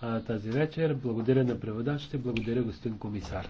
а, тази вечер. Благодаря на преводачите, благодаря господин комисар.